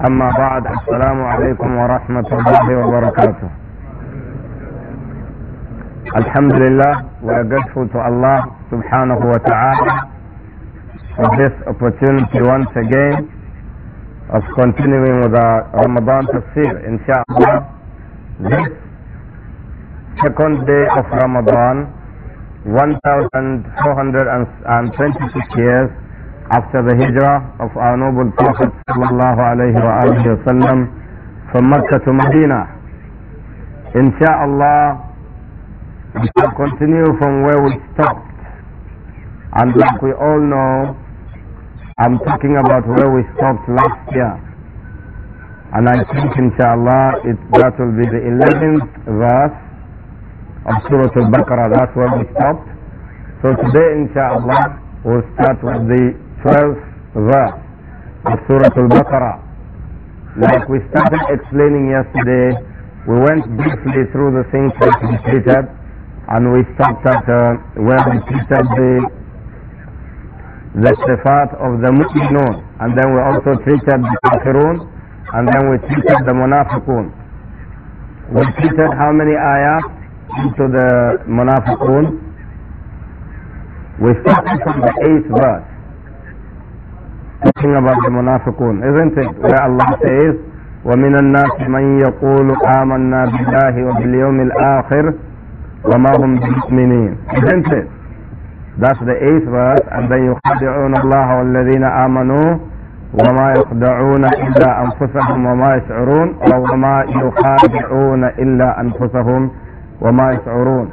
أما بعد السلام عليكم ورحمة الله وبركاته لله we are grateful to Allah subhanahu wa ta'ala for this opportunity once again of continuing with our Ramadan tafsir, inshallah. This second day of Ramadan, 1426 years after the hijrah of our noble Prophet sallallahu alayhi wa sallam from Makkah to Medina. Insha'Allah, we shall continue from where we stopped. And like we all know, I'm talking about where we stopped last year. And I think insha'Allah, it, that will be the 11th verse of Surah Al-Baqarah. That's where we stopped. So today insha'Allah, we'll start with the 12th verse of Surah Al-Baqarah. Like we started explaining yesterday, we went briefly through the things that we treated and we stopped at uh, where we treated the the sifat of the mu'minun and then we also treated the kafirun and then we treated the munafiqun. We treated how many ayahs into the munafiqun? We started from the eighth verse talking about the munafiqun, isn't it? Where Allah says, وَمِنَ النَّاسِ مَن يَقُولُ آمَنَّا بِاللَّهِ وَبِالْيَوْمِ الْآخِرِ وَمَا هُمْ بِمُؤْمِنِينَ Isn't it? That's the eighth verse. And then يُخَادِعُونَ اللَّهَ وَالَّذِينَ آمَنُوا وَمَا يَخْدَعُونَ إِلَّا أَنفُسَهُمْ وَمَا يَشْعُرُونَ وَمَا يُخَادِعُونَ إِلَّا أَنفُسَهُمْ وَمَا يَشْعُرُونَ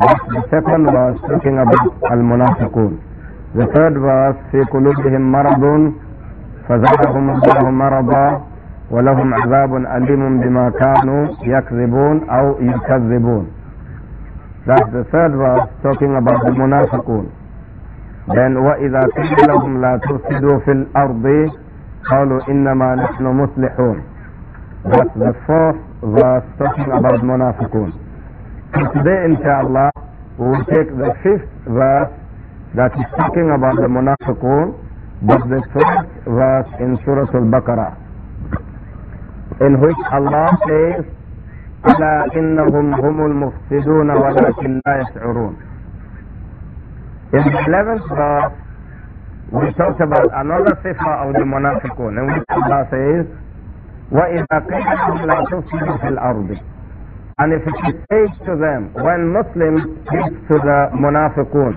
That's the second verse talking about al-munafiqun. The third verse, في قلوبهم مرض فزادهم الله مرضا ولهم عذاب أليم بما كانوا يكذبون أو يكذبون. That's the third verse talking about the munafiqun. Then وإذا قيل لهم لا تفسدوا في الأرض قالوا إنما نحن مصلحون. That's the fourth verse talking about munafiqun. today inshallah we will take the fifth verse that is talking about the munafiqun, but the first verse in Surah Al-Baqarah, in which Allah says, ألا إنهم هم المفسدون ولكن لا يشعرون. In the 11th verse, we talked about another sifa of the munafiqun, in which Allah says, وإذا قيل لهم لا تفسدوا في الأرض and if it is said to them when Muslims speak to the munafiqun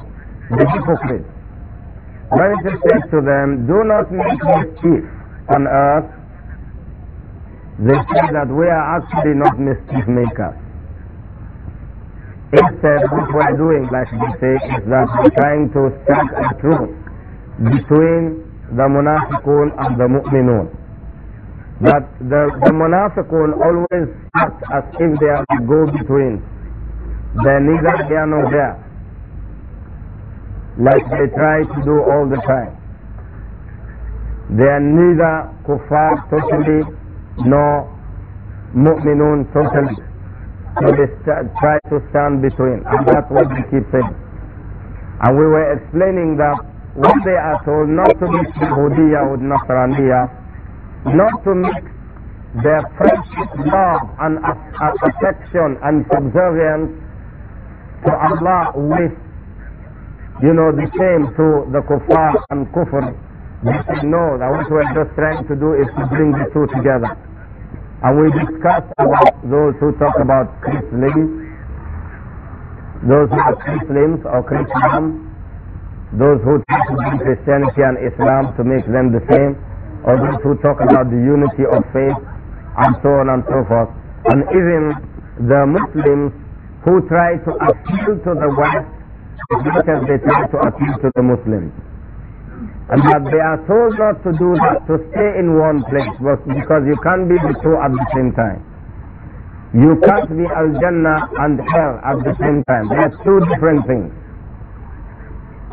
the hypocrites. Moses said to them, Do not make mischief on earth. They say that we are actually not mischief makers. Instead, what we're doing, like they say, is that we're trying to strike a truth between the munafiqun and the mu'minun. That the, the munafiqun always act as if they are the go-between. They're neither here nor there like they try to do all the time. They are neither kuffar totally nor mu'minun totally. So they try to stand between. And that's what we keep saying. And we were explaining that what they are told not to mix Yahudiya with Nasraniya, not to mix their friendship, love, and affection and subservience to Allah with you know, the same to the kuffar and kufr. They said, no, that what we're just trying to do is to bring the two together. And we discussed about those who talk about Christians, those who are Muslims or Christian, those who try to bring Christianity and Islam to make them the same, or those who talk about the unity of faith, and so on and so forth. And even the Muslims who try to appeal to the West because as they try to appeal to the Muslims. And that they are told not to do that, to stay in one place, because you can't be the two at the same time. You can't be Al Jannah and Hell at the same time. They are two different things.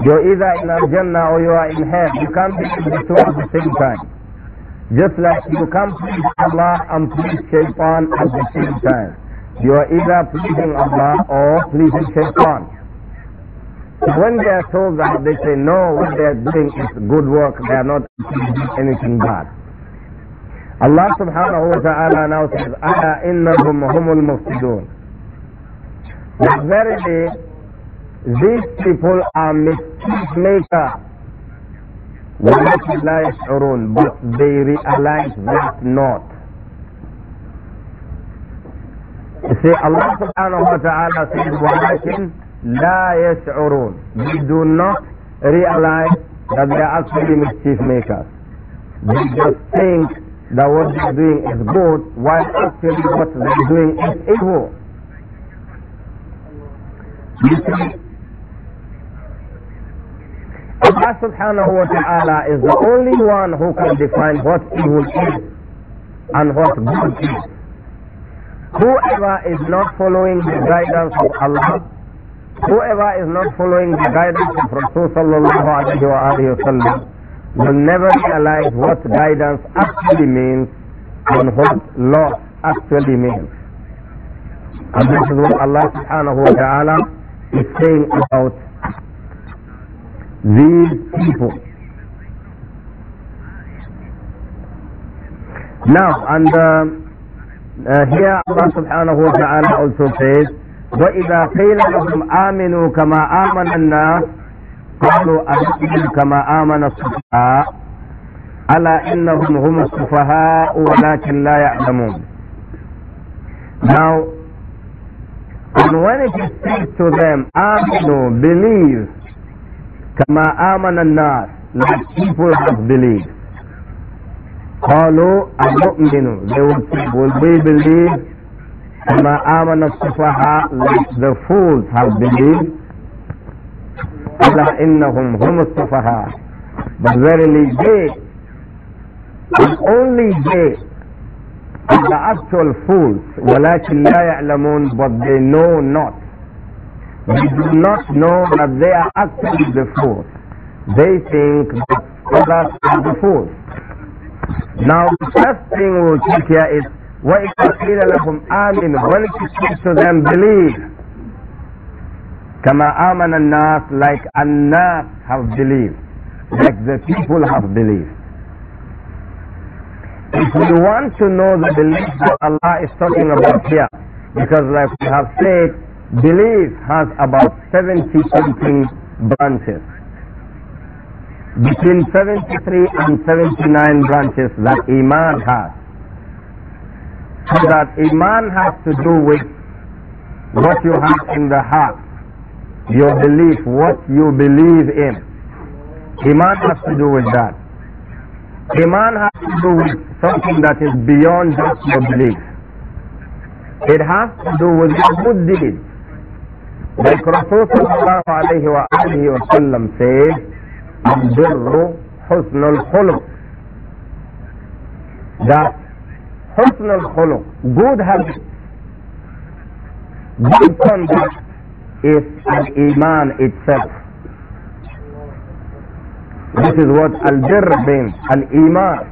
You're either in Al Jannah or you are in Hell. You can't be the two at the same time. Just like you can't please Allah and please Shaitan at the same time. You are either pleasing Allah or pleasing Shaitan. When they are told that, they say, no, what they are doing is good work. They are not doing anything bad. Allah subhanahu wa ta'ala now says, أَلَا إِنَّهُمْ هُمُ الْمُفْتِدُونَ That very day, these people are mistakers. وَلَكِنْ لَا يَشْعُرُونَ But they realize that not. You see, Allah subhanahu wa ta'ala says, وَلَكِنْ لا يشعرون they do not realize that they are actually mischief makers they just think that what they're doing is good while actually what they're doing is evil you see Allah subhanahu wa ta'ala is the only one who can define what evil is and what good is. Whoever is not following the guidance of Allah Whoever is not following the guidance of Rasulullah sallallahu will never realize what guidance actually means and what law actually means. And this is what Allah subhanahu wa ta'ala is saying about these people. Now, and uh, uh, here Allah subhanahu wa ta'ala also says, وإذا قيل لهم آمنوا كما آمن الناس قالوا أنؤمن كما آمن السفهاء ألا إنهم هم السفهاء ولكن لا يعلمون Now, and when it is said to them, آمنوا, believe, كما آمن الناس, like people have believed. قالوا أنؤمن, they will say, will we believe the fools have believed ألا إنهم هم السفهاء but verily they and only they are the actual fools but they know not they do not know that they are actually the fools they think that others are the fools now the first thing we'll check here is وإذا قيل لهم آمنوا when to them believe كما آمن الناس like الناس have believed like the people have believed if we want to know the belief that Allah is talking about here because like we have said belief has about 70 something branches between 73 and 79 branches that Iman has so that Iman has to do with what you have in the heart, your belief, what you believe in. Iman has to do with that. Iman has to do with something that is beyond just your belief. It has to do with your good deeds. Like Rasul sallallahu alayhi wa says, al Husnul Khuluq. That حسن الخلق good habits good conduct is an iman itself this is what al-birr means al-iman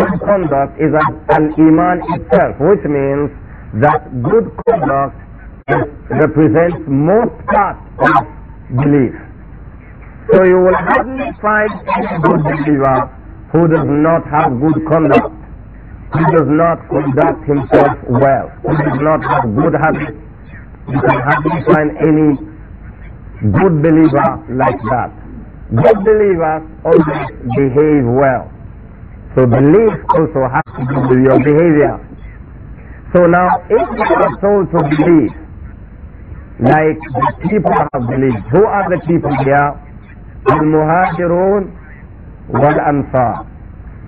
good conduct is al-iman itself which means that good conduct represents most part of belief so you will hardly find any good believer who does not have good conduct he does not conduct himself well, he does not have good habits, you can hardly find any good believer like that. Good believers always behave well. So belief also has to do with your behavior. So now, if you are told to believe, like the people have believed, who are the people here? Al-Muhajirun wal-Ansar.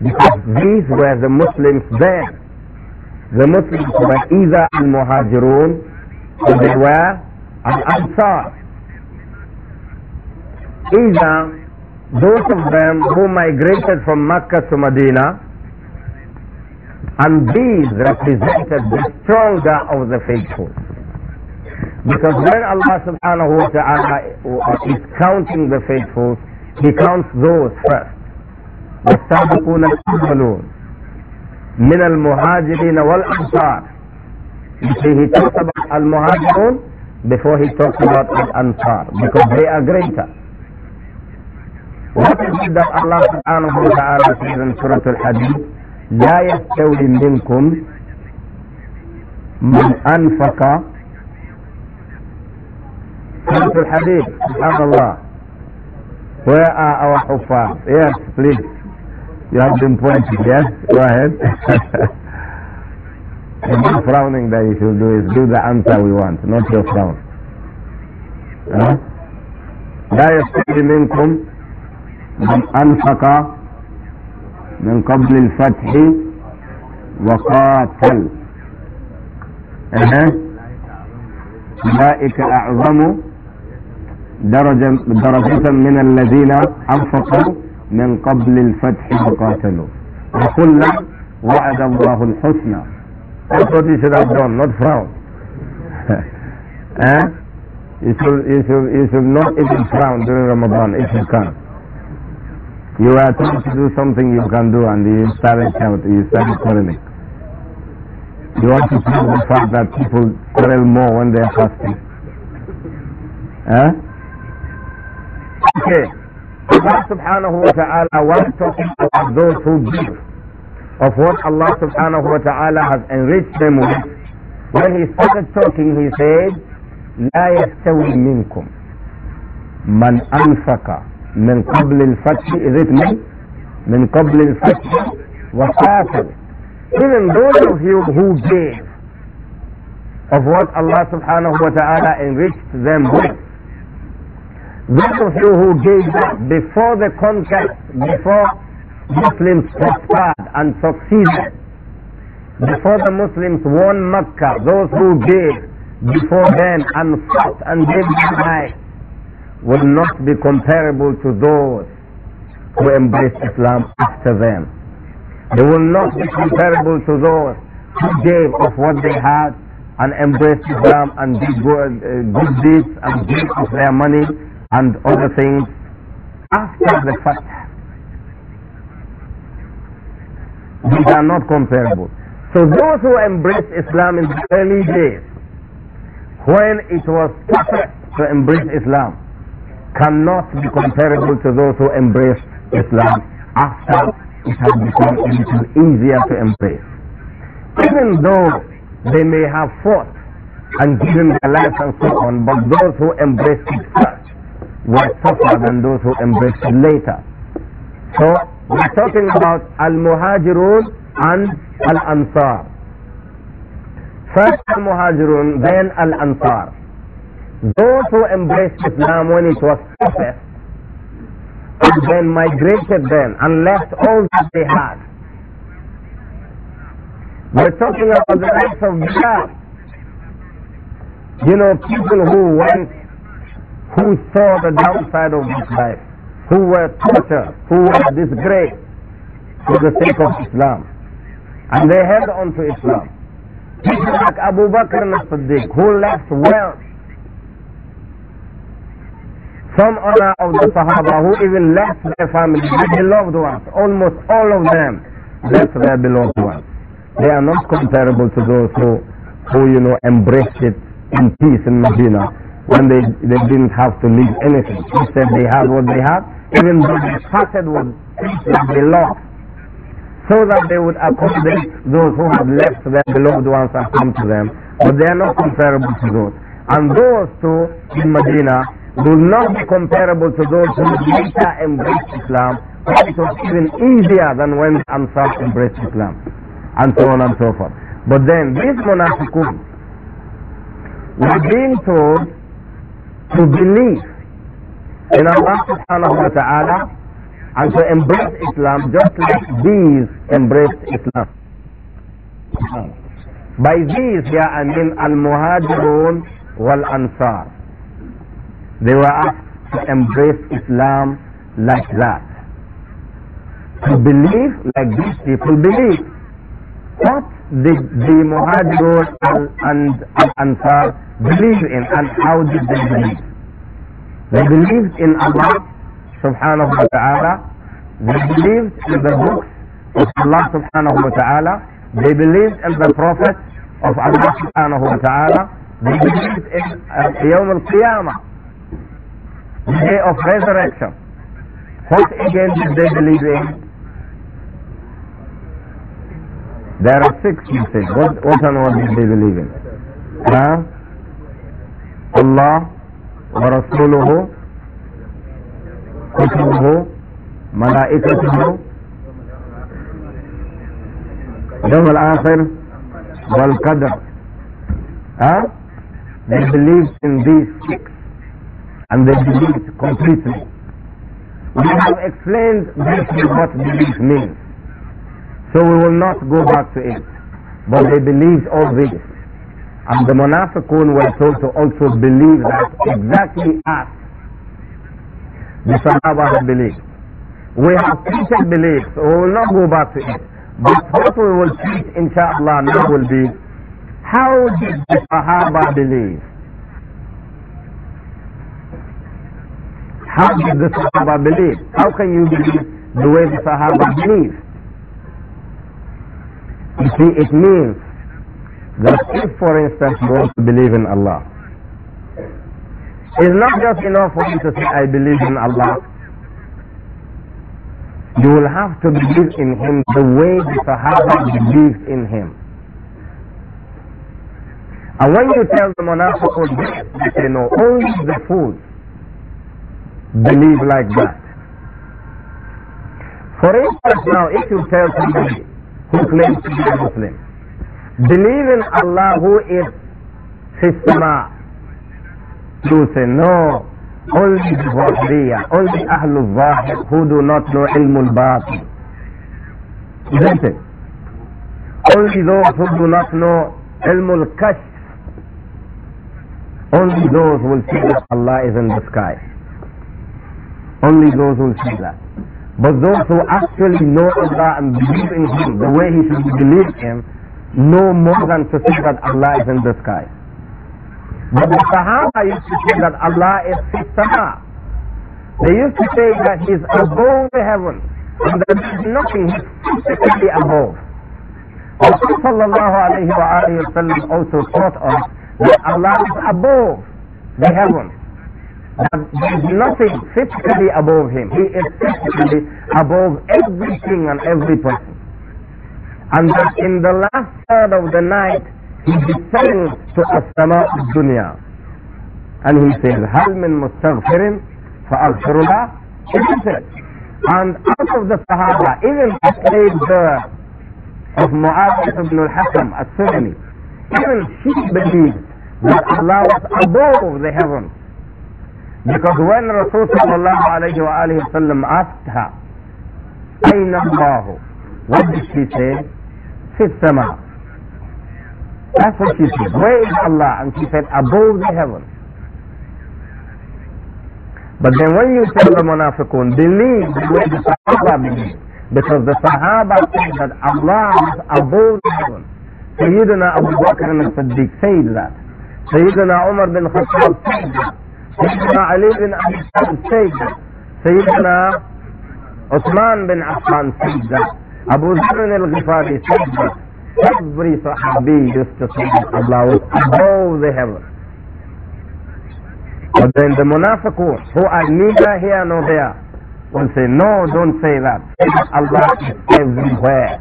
Because these were the Muslims there. The Muslims were either al-Muhajirun or they were al-Ansar. Either those of them who migrated from Mecca to Medina and these represented the stronger of the faithful. Because when Allah subhanahu wa ta'ala is counting the faithful, He counts those first. والسابقون الأولون من المهاجرين والأنصار See, he talks about before he talks about the ansar because they are greater. What is it that Allah subhanahu wa ta'ala says in Surah Al-Hadid? لا يستوي منكم من أنفق Surah al سبحان الله Where are our kuffar? Yes, please. You have been pointing, yes? Go ahead. the frowning that you should do is do the answer we want, not your frown. Huh? لا يستوي منكم من أنفق من قبل الفتح وقاتل أولئك أعظم درجة, درجة من الذين أنفقوا من قبل الفتح وقاتلوا وكلا وعد الله الحسنى That's what you should have done, not frown. eh? You should, you, should, you should not even frown during Ramadan if you can. You are trying to do something you can do and you started shouting, you started quarreling. You want to prove the fact that people quarrel more when they are fasting. Eh? Okay. Allah subhanahu wa ta'ala was talking about those who give of what Allah subhanahu wa ta'ala has enriched them with. When he started talking, he said, لا يستوي منكم من أنفق من قبل الفتح is it me? من قبل الفتح وقاتل even those of you who gave of what Allah subhanahu wa ta'ala enriched them with those of you who gave up before the conquest, before Muslims prospered and succeeded, before the Muslims won Mecca, those who gave before them and fought and gave their life will not be comparable to those who embraced Islam after them. They will not be comparable to those who gave of what they had and embraced Islam and did good, uh, good deeds and gave of their money and other things after the fact. These are not comparable. So those who embraced Islam in the early days, when it was perfect to embrace Islam, cannot be comparable to those who embraced Islam after it has become a little easier to embrace. Even though they may have fought and given their lives and so on, but those who embraced it first, were tougher than those who embraced it later. So we're talking about Al-Muhajirun and Al-Ansar. First Al-Muhajirun, then Al-Ansar. Those who embraced Islam when it was toughest, and then migrated then and left all that they had. We're talking about the likes of Bilal. You know, people who went who saw the downside of this life, who were tortured, who were disgraced for the sake of Islam. And they held on to Islam. People like Abu Bakr as-Siddiq, who left wealth. Some honor of the Sahaba who even left their family, their beloved ones, almost all of them left their beloved ones. They are not comparable to those who, who you know, embraced it in peace in Medina when they, they didn't have to leave anything. he said they had what they had, even though they started with was they lost, so that they would accommodate those who have left their beloved ones and come to them. But they are not comparable to those. And those two in Medina will not be comparable to those who later embraced Islam, but it was even easier than when Ansar embraced Islam, and so on and so forth. But then these munafiqun were being told to believe in Allah subhanahu wa ta'ala and to embrace Islam just like these embraced Islam. By these here I mean Al-Muhajirun wal-Ansar. They were asked to embrace Islam like that. To believe like these people believe. What? The the Muhajirun and, and, Ansar believe in and how did they believe? They believed in Allah subhanahu wa ta'ala. They believed in the books of Allah subhanahu wa ta'ala. They believed in the prophets of Allah subhanahu wa ta'ala. They believed in uh, Yawm al-Qiyamah, the day of resurrection. What again did they believe in? There are six, you said. What, what and what did they believe in? Huh? Allah wa Rasuluhu Kutubuhu Malaikatuhu Yawm al-Akhir wal-Qadr huh? They believed in these six and they believed completely. We have explained briefly what belief means. So we will not go back to it. But they believed all this. And the Munafiqun were told to also believe that exactly as the Sahaba had believed. We have treated beliefs, so we will not go back to it. But what we will treat, inshallah, now will be how did the Sahaba believe? How did the Sahaba believe? How can you believe the way the Sahaba believed? You see, it means that if, for instance, you want to believe in Allah, it's not just enough for you to say, I believe in Allah. You will have to believe in Him the way the Sahaba believed in Him. And when you tell the monastical this, they say, no, only the fools believe like that. For instance, now, if you tell somebody, who claims to be a Muslim. Believe in Allah who is Sistama. You say, no, only the Zahriya, only Ahlul Zahir who do not know Ilmul mulbat Isn't it? Only those who do not know Ilmul Kashf. Only those will see that Allah is in the sky. Only those will see that. But those who actually know Allah and believe in Him the way He should be believed in, know more than to say that Allah is in the sky. But the Sahaba used to say that Allah is Sama. They used to say that He is above the heavens and there is nothing He is physically above. Prophet Allah also taught us that Allah is above the heavens there is nothing physically above him. He is physically above everything and every person. And that in the last third of the night, he descends to Asama Dunya. And he says, Hal min mustaghfirin fa'aghfirullah. Isn't it? And out of the Sahaba, even the slave of Mu'adh ibn al-Hakam, as sulami even she believed that Allah was above the heavens. Because when Rasul sallallahu alayhi wa alayhi sallam asked her, Aina Allahu, what did she say? Fit sama. That's what she said. Where is Allah? And she said, above the heavens. But then when you tell the munafiqun, believe the way the Sahaba believe, because the Sahaba said that Allah is above the heavens Sayyidina Abu Bakr and Siddiq said that. Sayyidina Umar bin Khattab said that. سيدنا علي بن أبي طالب سيدا سيدنا عثمان بن عفان سيدا أبو ذر الغفاري سيدا Every Sahabi used to say Allah was above the heaven. But then the munafiqun, who are neither here nor there, will say, no, don't say that. Say that Allah is everywhere.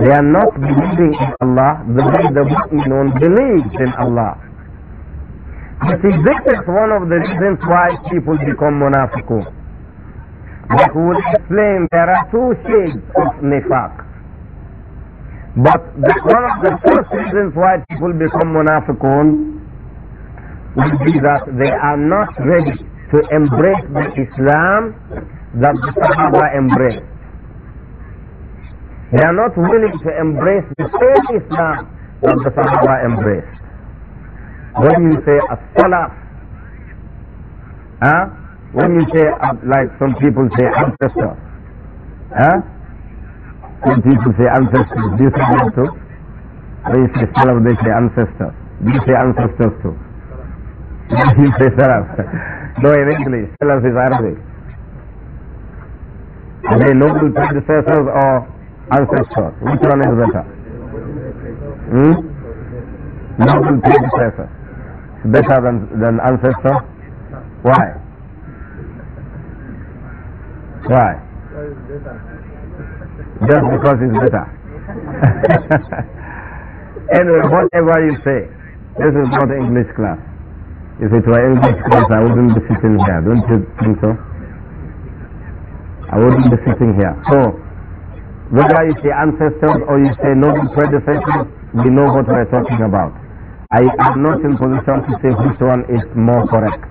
They are not believing in Allah the way the mu'minun believes in Allah. You see, this is one of the reasons why people become munafiqun. But we will explain there are two shades of nifaq. But the, one of the first reasons why people become munafiqun would be that they are not ready to embrace the Islam that the Sahaba embraced. They are not willing to embrace the same Islam that the Sahaba embraced. When you say a salah huh? when you say, uh, like some people say ancestor, huh? some people say ancestor, do you say that too? When you say salam, they say ancestor. Do you say ancestors too? you say salam. no, in English, salam is Arabic. Are they local predecessors or ancestors? Which one is better? Hmm? Local predecessors better than, than ancestor? Why? Why? Just because it's better. anyway, whatever you say, this is not English class. If it were English class, I wouldn't be sitting here. Don't you think so? I wouldn't be sitting here. So, whether you say ancestors or you say noble predecessors, we know what we're talking about. I am not in position to say which one is more correct.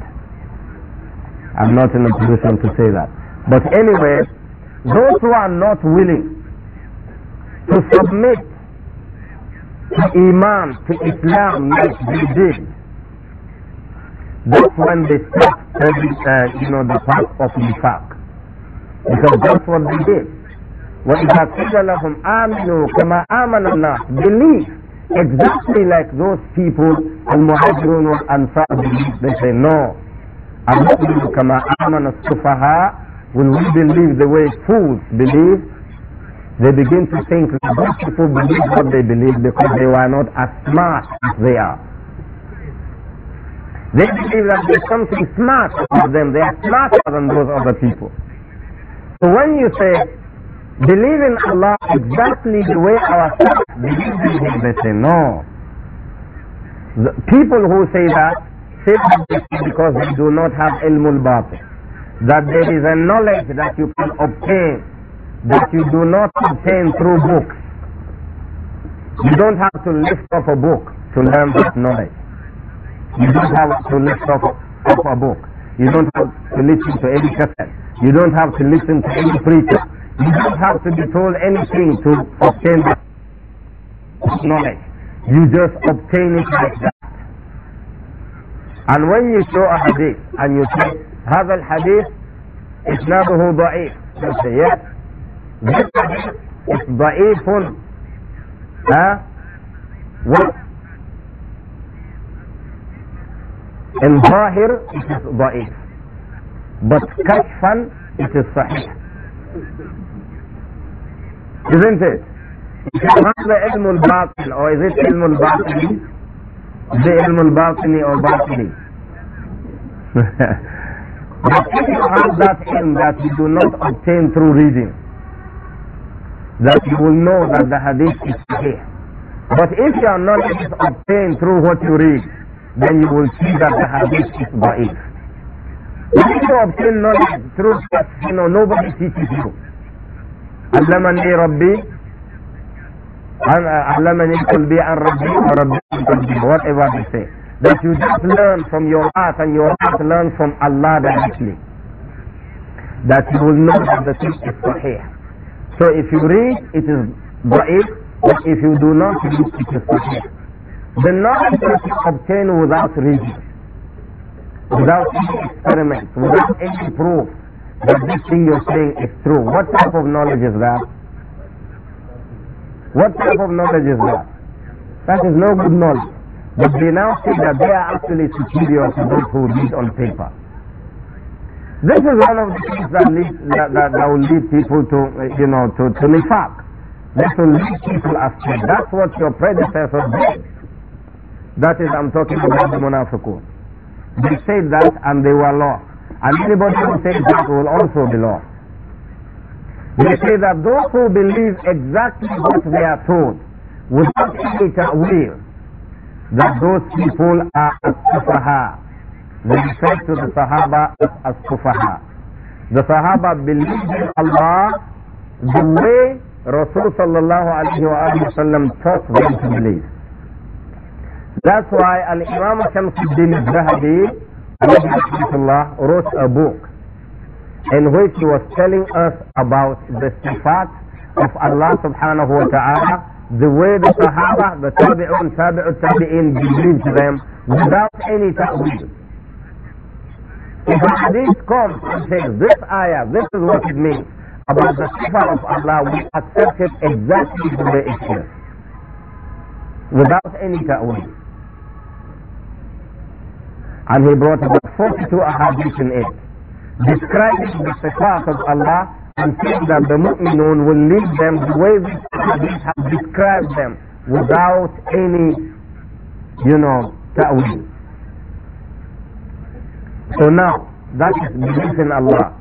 I'm not in a position to say that. But anyway, those who are not willing to submit to Imam, to Islam like they did, that's when they start uh, you know, the path of Nifaq. Because that's what they did. وَإِذَا قِيلَ لَهُمْ آمِنُوا كَمَا آمَنَ النَّاسِ Believe exactly like those people and Ansar, they say no المؤمن كما آمن السفهاء when we believe the way fools believe they begin to think that those people believe what they believe because they were not as smart as they are they believe that there's something smart about them they are smarter than those other people so when you say believe in Allah exactly the way ourselves believe in Him. They say no. The people who say that say that because they do not have ilmul batil. That there is a knowledge that you can obtain that you do not obtain through books. You don't have to lift up a book to learn that knowledge. You don't have to lift up, off a book. You don't have to listen to any cassette. You don't have to listen to any preacher. You don't have to be told anything to obtain that knowledge. You just obtain it like that. And when you show a hadith and you say, هذا الحديث إسناده ضعيف. You say, yes, this hadith is ضعيف. Huh? What? In ظاهر it is ضعيف. But كشفا it is صحيح. Isn't it? Is it not the al-batil or is it ilm al The al or batili? but if you have that ilm that you do not obtain through reading, that you will know that the hadith is sahih. But if your knowledge is obtained through what you read, then you will see that the hadith is You If you obtain knowledge through, you know, nobody teaches you. علمني ربي علمني قلبي عن ربي وربي عن whatever they say that you just learn from your heart and your heart learn from Allah directly that you will know that the truth is sahih so if you read it is da'if but if you do not read it is sahih the knowledge that you obtain without reading without any experiment without any proof that this thing you're saying is true. What type of knowledge is that? What type of knowledge is that? That is no good knowledge. But they now say that they are actually superior to those who read on paper. This is one of the things that, lead, that, that, that will lead people to, you know, to, to nifaq. This will lead people astray. That's what your predecessor did. That is, I'm talking about the munafiqun. They said that and they were lost. And anybody who says that will also be lost. They say that those who believe exactly what they are told, without any ta'wil, that those people are as-sufaha. They refer to the Sahaba as as-sufaha. The Sahaba believed in Allah the way Rasulullah sallallahu alayhi wa sallam taught them to believe. That's why Al-Imam Shamsuddin al-Zahabi Rasulullah wrote a book in which he was telling us about the sifat of Allah subhanahu wa ta'ala, the way the Sahaba, the Tabi'un, Tabi'ut, Tabi'in believed them without any ta'wil. If a hadith comes and says, this ayah, this is what it means about the sifat of Allah, we accept it exactly the way it is, without any ta'wil. And he brought about 42 ahadith in it, describing the sifat of Allah and saying that the mu'minun will lead them the way these ahadith have described them without any, you know, ta'wil. So now, that is belief in Allah.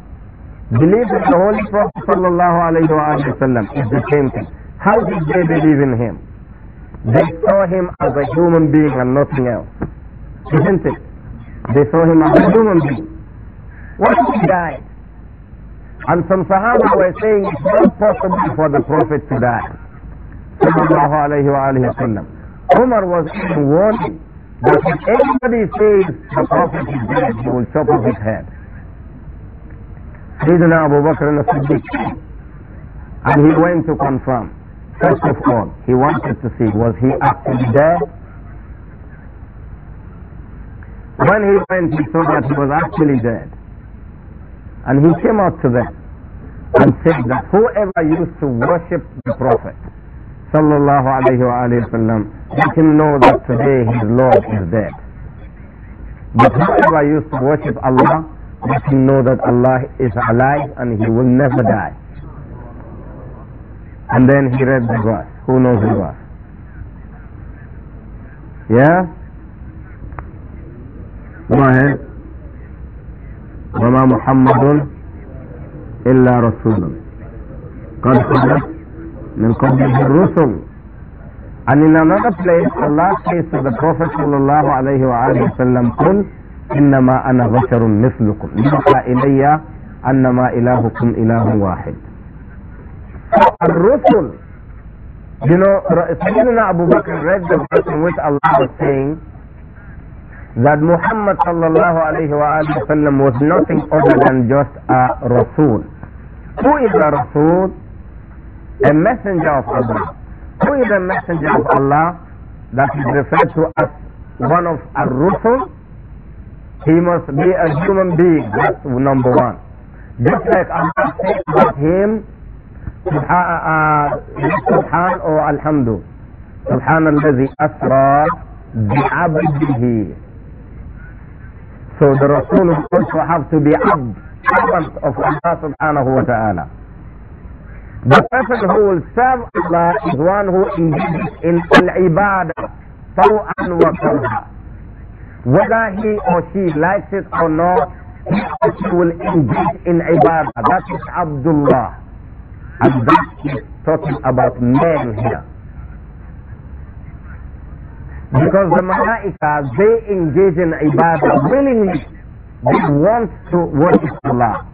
Belief in the Holy Prophet sallallahu alayhi is the same thing. How did they believe in him? They saw him as a human being and nothing else. Isn't it? They saw him as a human being. What if he died? And some Sahaba were saying it's not possible for the Prophet to die. Sallallahu Alaihi Wasallam. Umar was even warning that if anybody says the Prophet is dead, he will chop off his head. Sayyidina Abu Bakr al-Siddiq and he went to confirm. First of all, he wanted to see was he actually dead when he went, he saw that he was actually dead. And he came out to them and said that whoever used to worship the Prophet, sallallahu alayhi wa sallam, let him know that today his Lord is dead. But whoever used to worship Allah, let him know that Allah is alive and he will never die. And then he read the verse. Who knows the verse? Yeah? हुआ है वमा मोहम्मद इल्ला रसूल कद من قبله الرسل And in another place, Allah says to the Prophet sallallahu alayhi wa alayhi wa sallam, قل إنما أنا بشر مثلكم يوحى إلي أنما إلهكم إله واحد الرسل You know, Sayyidina Abu Bakr read the verse in which Allah was saying, that Muhammad sallallahu alayhi wa sallam was nothing other than just a Rasul. Who is a Rasul? A messenger of Allah. Who is a messenger of Allah that is referred to as one of a Rasul? He must be a human being. That's number one. Just like Allah saying about him, uh, Subhan or Alhamdu. سبحان الذي أسرى بعبده So the Rasul also have to be abd, servant of Allah subhanahu wa ta'ala. The person who will serve Allah is one who engages in al-ibadah, taw'an wa karha. Whether he or she likes it or not, he or she will engage in ibadah. That is Abdullah. And that is talking about men here. Because the malaika, they engage in ibadah willingly. They want to worship Allah.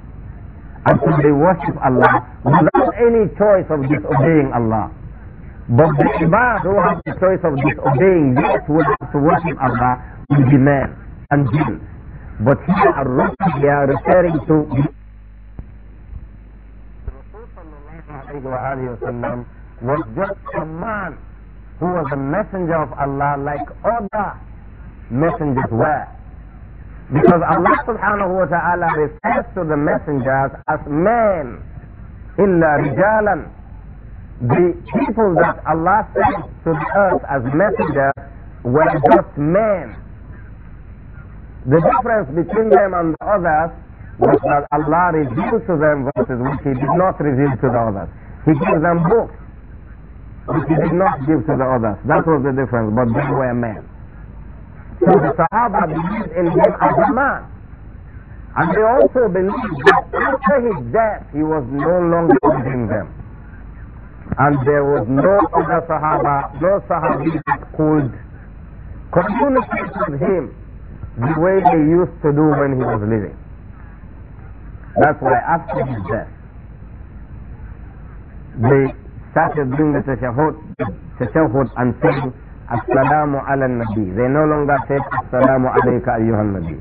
And so they worship Allah without any choice of disobeying Allah. But the ibad who have the choice of disobeying, yes, will have to worship Allah, will be men and jinn. But here, al they are referring to the Rasul was just a man who was a messenger of Allah like other messengers were. Because Allah subhanahu wa ta'ala refers to the messengers as men, illa rijalan. The people that Allah sent to the earth as messengers were just men. The difference between them and the others was that Allah revealed to them verses which He did not reveal to the others. He gave them books which he did not give to the others. That was the difference, but they were men. So the Sahaba believed in him as a man. And they also believed that after his death, he was no longer leading them. And there was no other Sahaba, no Sahabi that could communicate with him the way they used to do when he was living. That's why after his death, they started doing the tashahhud, tashahhud and saying, Assalamu ala nabi. They no longer said, Assalamu alayka ayyuhan nabi.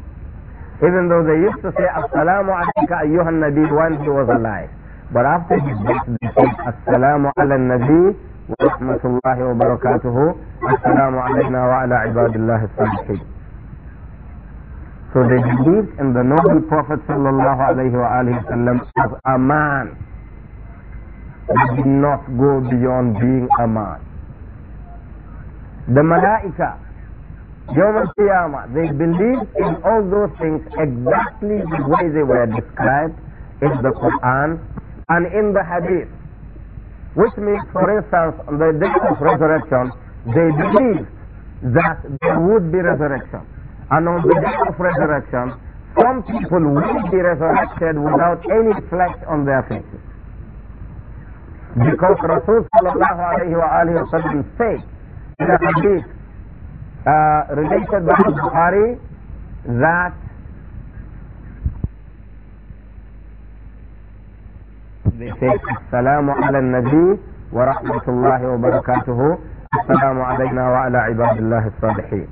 Even though they used to say, Assalamu alayka ayyuhan nabi when he was alive. But after his death, they said, Assalamu ala nabi wa rahmatullahi wa barakatuhu. Assalamu alayna wa ala ibadillah salihin. So they believed in the noble Prophet sallallahu alayhi wa sallam as a man. It did not go beyond being a man. The Malaika, Yom Qiyamah, they believed in all those things exactly the way they were described in the Quran and in the Hadith. Which means, for instance, on the day of resurrection, they believed that there would be resurrection. And on the day of resurrection, some people will be resurrected without any flesh on their faces. Because Rasul sallallahu alayhi wa alayhi wa sallam said in a hadith uh, related by Bukhari that they say Assalamu ala nabi wa rahmatullahi wa barakatuhu Assalamu alayna wa ala ibadillahi salihin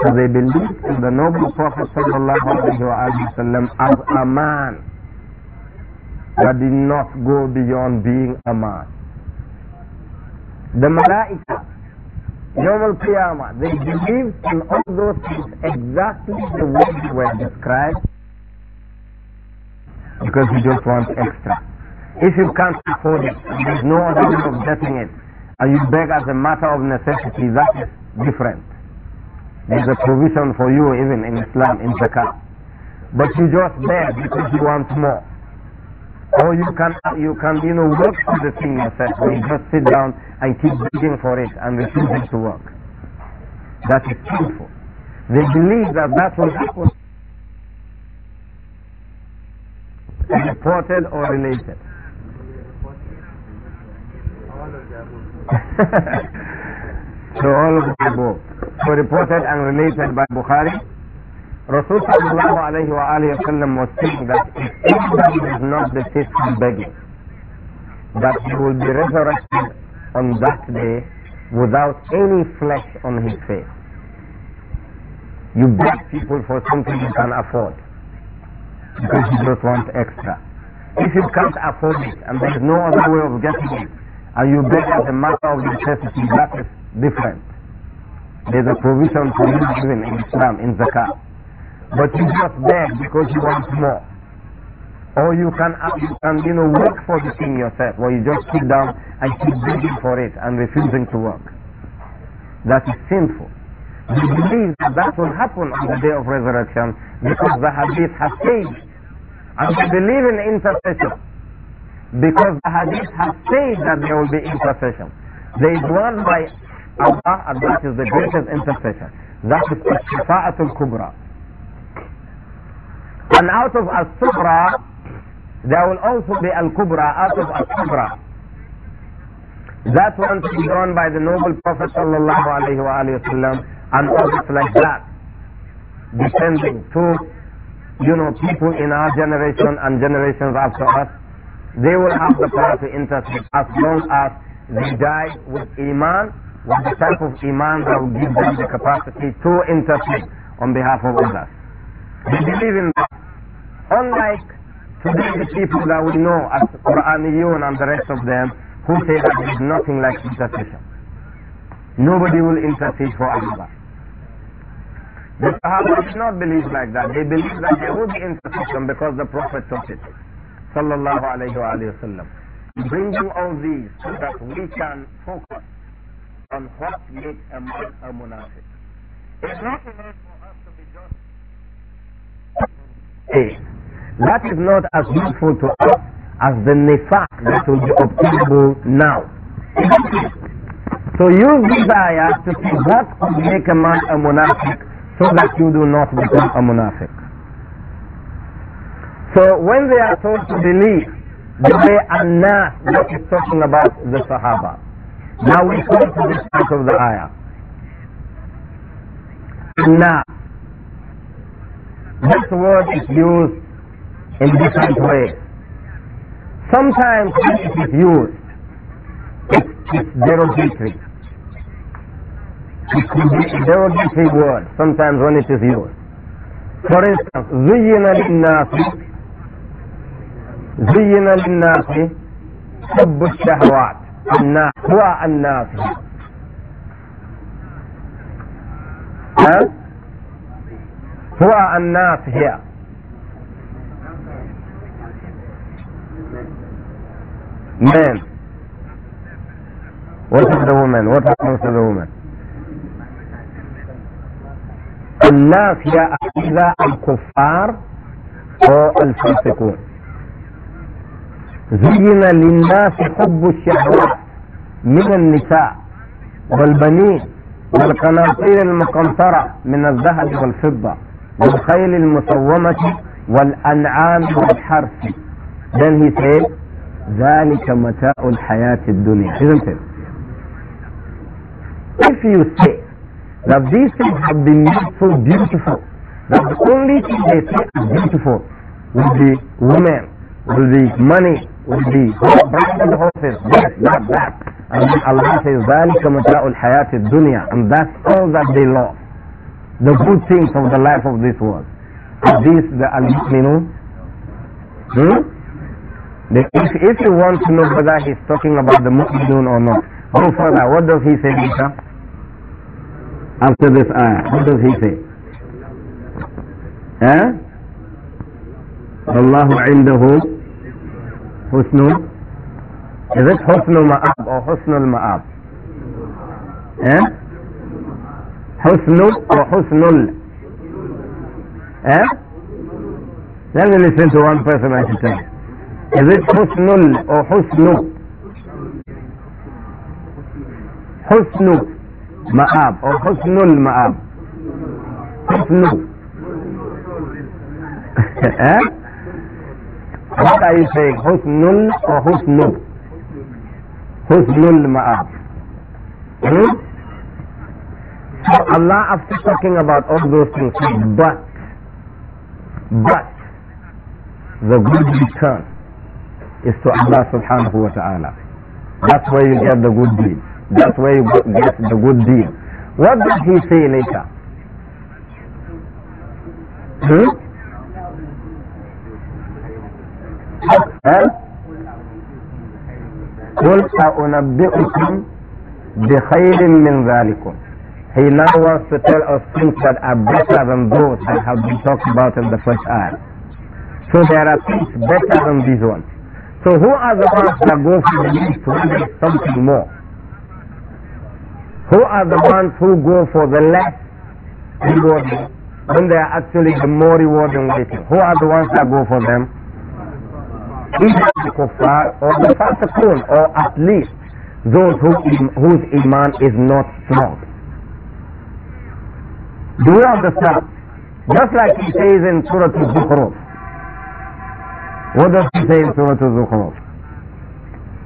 So they believe in the noble Prophet sallallahu alayhi wa sallam as a man that did not go beyond being a man. The Malaika, Yom al they believed in all those things exactly the way they were described because you just want extra. If you can't afford it, there's no other way of getting it, and you beg as a matter of necessity, that is different. There's a provision for you even in Islam, in Zakat. But you just beg because you want more. Or you can, you can, you know, work for the thing yourself. You just sit down and keep begging for it and refusing to work. That is sinful. They believe that that will happen. Reported or related. so all of the both So reported and related by Bukhari. Rasul sallallahu alayhi wa was saying that if anybody not the from begging, that he will be resurrected on that day without any flesh on his face. You beg people for something you can afford because you don't want extra. If you can't afford it and there is no other way of getting it, and you beg as a matter of necessity, that is different. There is a provision for you given in Islam, in Zakat but you just beg because you want more. Or you can, uh, you can, you know, work for the thing yourself, or you just sit down and keep begging for it and refusing to work. That is sinful. We believe that that will happen on the day of resurrection because the hadith has said, and we believe in intercession because the hadith has said that there will be intercession. There is one by Allah, and that is the greatest intercession. That is the Shafa'atul Kubra. And out of as subra there will also be Al-Kubra, out of al subra That one to be done by the noble Prophet sallallahu alayhi wa sallam and others like that, descending to, you know, people in our generation and generations after us. They will have the power to intercede as long as they die with Iman, with the type of Iman that will give them the capacity to intercede on behalf of others. They believe in that. Unlike today the people that we know as Quraniyun and the rest of them who say that there is nothing like intercession. Nobody will intercede for Allah. The Sahaba did not believe like that. They believed that there would be intercession because the Prophet taught it. Sallallahu alayhi wa Bringing all these so that we can focus on what makes a man a munafiq. It's not enough that is not as useful to us as the nifa that will be obtainable now. So use desire to see what could make a man a monastic so that you do not become a monastic. So when they are told to believe, the way Anna that is talking about the Sahaba. Now we come to this part of the ayah. Anna, that word is used in different ways. Sometimes when it is used, it's derogatory. It could be a derogatory word sometimes when it is used. For instance, زين للناس زين للناس حب الشهوات الناس هو الناس ها؟ هو الناس هي من وصف ذو من وصف ذو من الناس هي إذا الكفار أو الفاسقون زين للناس حب الشهوات من النساء والبنين والقناطير المقنطرة من الذهب والفضة والخيل المسومة والأنعام والحرث then he said ذلك متاع الحياة الدنيا isn't it if you say that these things have been made so beautiful that the only thing they say is beautiful will be women will be money will be brand and horses yes not that and Allah says ذلك متاع الحياة الدنيا and that's all that they love the good things of the life of this world. This these the al-mu'minun? Hmm? If, if you want to know whether he's talking about the mu'minun or not, go further. What does he say later? After this ayah, what does he say? Eh? Allahu indahu husnu is it husnul ma'ab or husnul ma'ab? Eh? حسن وحسن eh? Let me listen to one person at a time. Is it حسن or حسن حسن مآب أو حسن المآب حسن What are you saying? حسن or حسن حسن المآب hmm? Allah, after talking about all those things, but, but, the good return is to Allah subhanahu wa ta'ala. That's where you get the good deal. That's where you get the good deal. What did he say later? Hmm? قل أنبئكم بخير من ذلكم he now wants to tell us things that are better than those that have been talked about in the first ayah. So there are things better than these ones. So who are the ones that go for the least when there is something more? Who are the ones who go for the less rewarding when they are actually the more rewarding waiting? Who are the ones that go for them? Either the kuffar or the fasiqun or at least those who, whose iman is not strong. Do you understand? Just like he says in Surah Al-Zukhruf. What does he say in Surah Al-Zukhruf?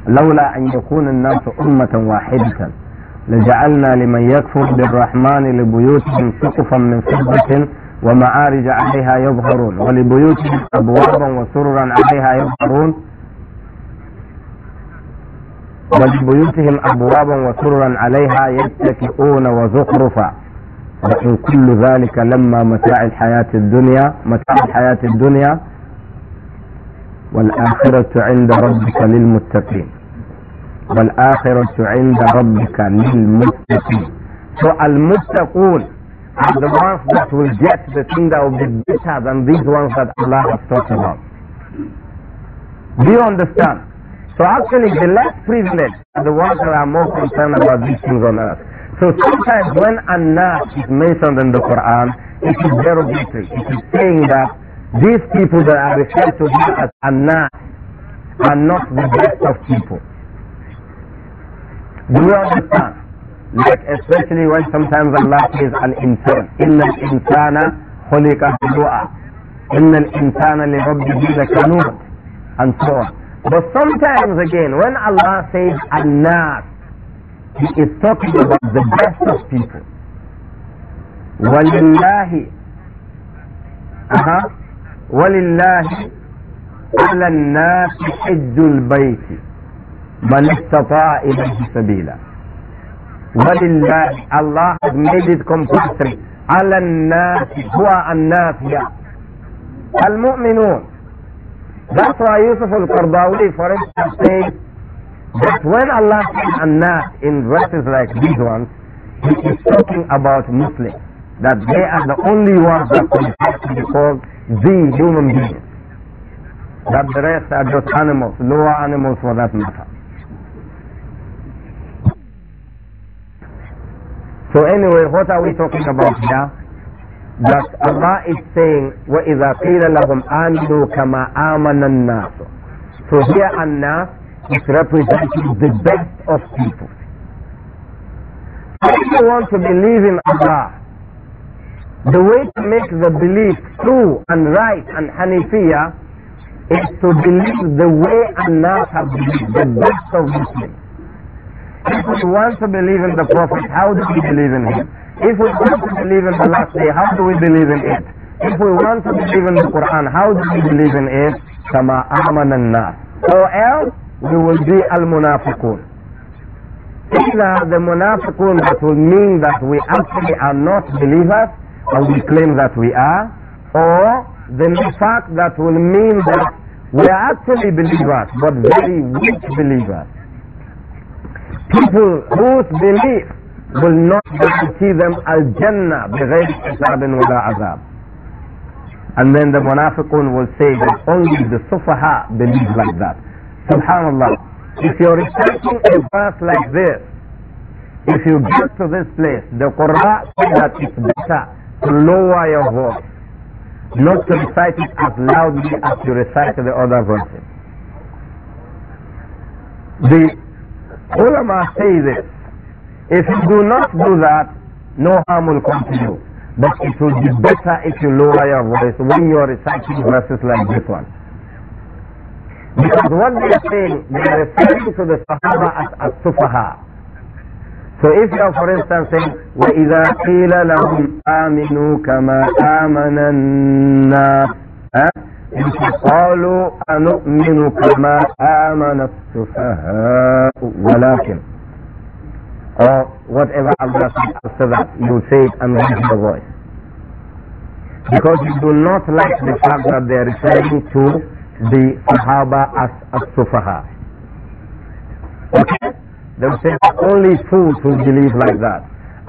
لولا أن يكون الناس أمة واحدة لجعلنا لمن يكفر بالرحمن لبيوتهم سقفا من فضة ومعارج عليها يظهرون ولبيوتهم أبوابا وسررا عليها يظهرون ولبيوتهم أبوابا وسررا عليها يتكئون وزخرفا وإن كل ذلك لما متاع الحياة الدنيا متاع الحياة الدنيا والآخرة عند ربك للمتقين والآخرة عند ربك للمتقين So المتقون are the ones that will get the thing that will be better than these ones that Allah has talked about. Do you understand? So actually the less privileged are the ones that are more concerned about these things on earth. So sometimes when Anna is mentioned in the Quran, it is derogatory. It is saying that these people that are referred to here as Anna are not the best of people. Do you understand? Like especially when sometimes Allah says an insan, inna insana khuliqa halu'a, inna insana li rabbihi and so on. But sometimes again, when Allah says annas, he is talking about the best of people. وَلِلَّهِ أها وَلِلَّهِ عَلَى النَّاسِ حِجُّ الْبَيْتِ مَنِ اسْتَطَاعَ سَبِيلًا وَلِلَّهِ Allah has made it compulsory على الناس هو الناس المؤمنون That's why Yusuf al-Qardawi for instance says but when Allah says Anas in verses like these ones, He is talking about Muslims, that they are the only ones that qualify to be called the human beings. That the rest are just animals, lower animals for that matter. So anyway, what are we talking about here? That Allah is saying, وَإِذَا قِيلَ لَهُمْ آمِنُوا كَمَا آمَنَ النَّاسُ So here annas is representing the best of people. If you want to believe in Allah, the way to make the belief true and right and Hanafiya is to believe the way Allah has believed, the best of Muslims. If we want to believe in the Prophet, how do we believe in him? If we want to believe in the last day, how do we believe in it? If we want to believe in the Quran, how do we believe in it? Kama aman nas. So else, we will be al-munafiqun. Either the munafiqun that will mean that we actually are not believers, or we claim that we are, or the fact that will mean that we are actually believers, but very weak believers. People whose belief will not guarantee them al-Jannah بغير حساب ولا عذاب. And then the munafiqun will say that only the sufaha believe like that. Subhanallah. If you're reciting a verse like this, if you get to this place, the Qur'an says that it's better to lower your voice, not to recite it as loudly as you recite the other verses. The ulama say this, if you do not do that, no harm will come to you. But it will be better if you lower your voice when you are reciting verses like this one. Because what they are saying, they are referring to the Sahaba as as-sufaha. So if you are, for instance, saying, وَإِذَا قِيلَ لَهُمْ آمِنُوا كَمَا آمَنَ النَّاسِ قالوا أنؤمن كما امن الناس or انومن كما امن السفهاء ولكن or whatever Allah said after that, you say it and raise your voice. Because you do not like the fact that they are referring to the Sahaba as as-sufaha. Okay? They will say only fools who believe like that.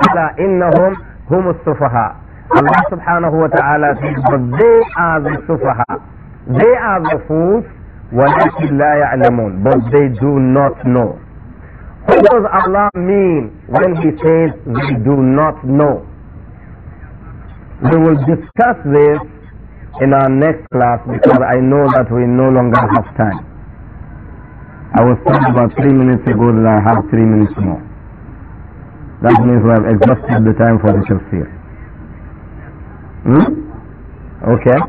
Allah innahum hum as-sufaha. Allah subhanahu wa ta'ala says, but they are the sufaha. They are the fools, وَلَكِنْ لَا يَعْلَمُونَ But they do not know. What does Allah mean when He says they do not know? We will discuss this in our next class because I know that we no longer have time. I was told about three minutes ago that I have three minutes more. That means we have exhausted the time for the tafsir. Hmm? Okay.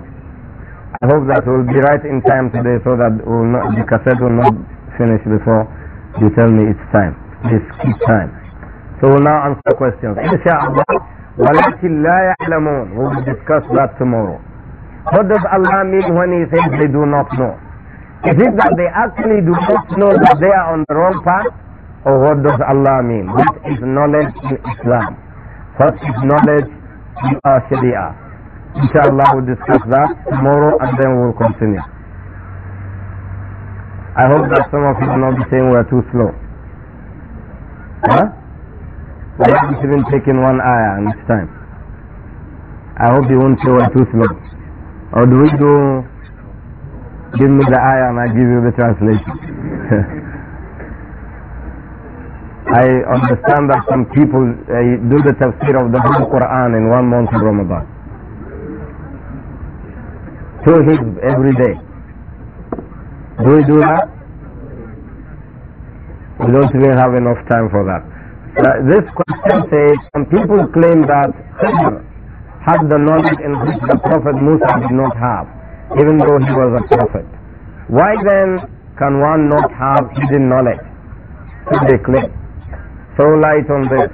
I hope that we'll be right in time today so that we'll not, the cassette will not finish before you tell me it's time. Please keep time. So we'll now answer questions. Inshallah, ولكن لا يعلمون. We'll discuss that tomorrow. What does Allah mean when He says they do not know? Is it that they actually do not know that they are on the wrong path? Or what does Allah mean? What is knowledge in Islam? What is knowledge in our Sharia? Inshallah we'll discuss that tomorrow and then we'll continue. I hope that some of you will not be saying we're too slow. Huh? We haven't even taken one ayah in this time. I hope you won't say we're too slow. Or do we do, give me the ayah and I give you the translation? I understand that some people uh, do the tafsir of the whole Quran in one month of Ramadan. Two hizb every day. Do we do that? We don't even have enough time for that. Uh, this question says some people claim that had the knowledge in which the Prophet Musa did not have, even though he was a prophet. Why then can one not have hidden knowledge? So they claim. So light on this.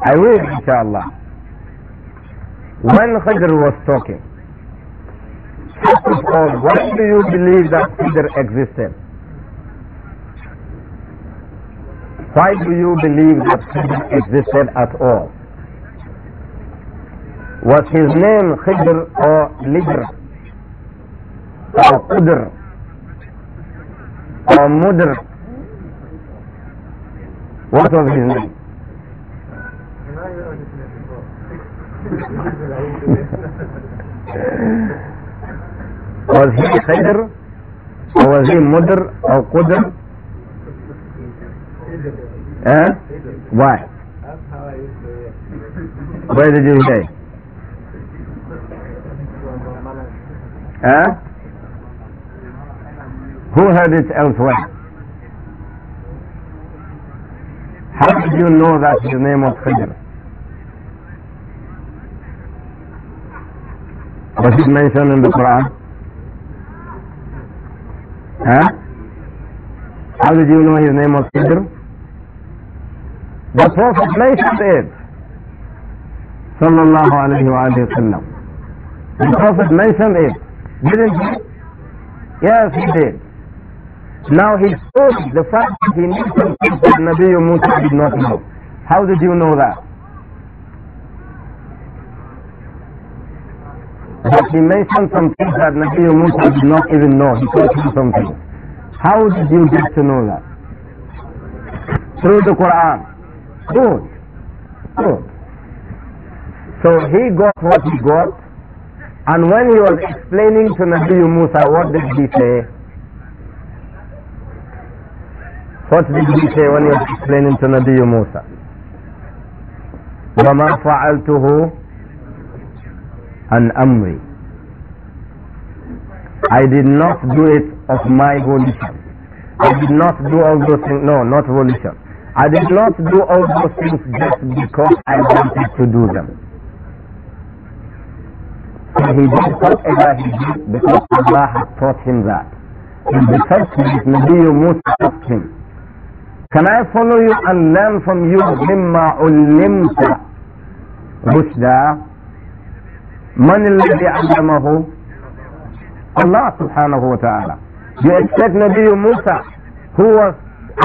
I will, inshallah. When Khidr was talking, first of all, why do you believe that Khidr existed? Why do you believe that Khidr existed at all? was his name Khidr or Lidr or Qudr or Mudr? What was his name? was he Khidr or was he Mudr or Qudr? Eh? Why? Where did you say? Huh? Who heard it elsewhere? How did you know that the name of Khidr? Was it mentioned in the Quran? Huh? How did you know his name was Khidr? The Prophet mentioned it. Sallallahu Alaihi Wasallam. The Prophet mentioned it. Didn't he? Yes, he did. Now he told the fact that he knew something that Nabi Musa did not know. How did you know that? That he mentioned some things that Nabi Musa did not even know. He taught him something. How did you get to know that? Through the Quran. Good. Good. So he got what he got and when he was explaining to Nabi Musa, what did he say? What did he say when he was explaining to Nabi Musa? وَمَا فَعَلْتُهُ an amri. I did not do it of my volition. I did not do all those things. No, not volition. I did not do all those things just because I wanted to do them. And he did whatever he did because Allah had taught him that. And the first place, Nabi Musa asked him, Can I follow you and learn from you Himma علمت رشدا؟ Man الذي علمه؟ Allah subhanahu wa ta'ala. You expect Nabi Musa, who was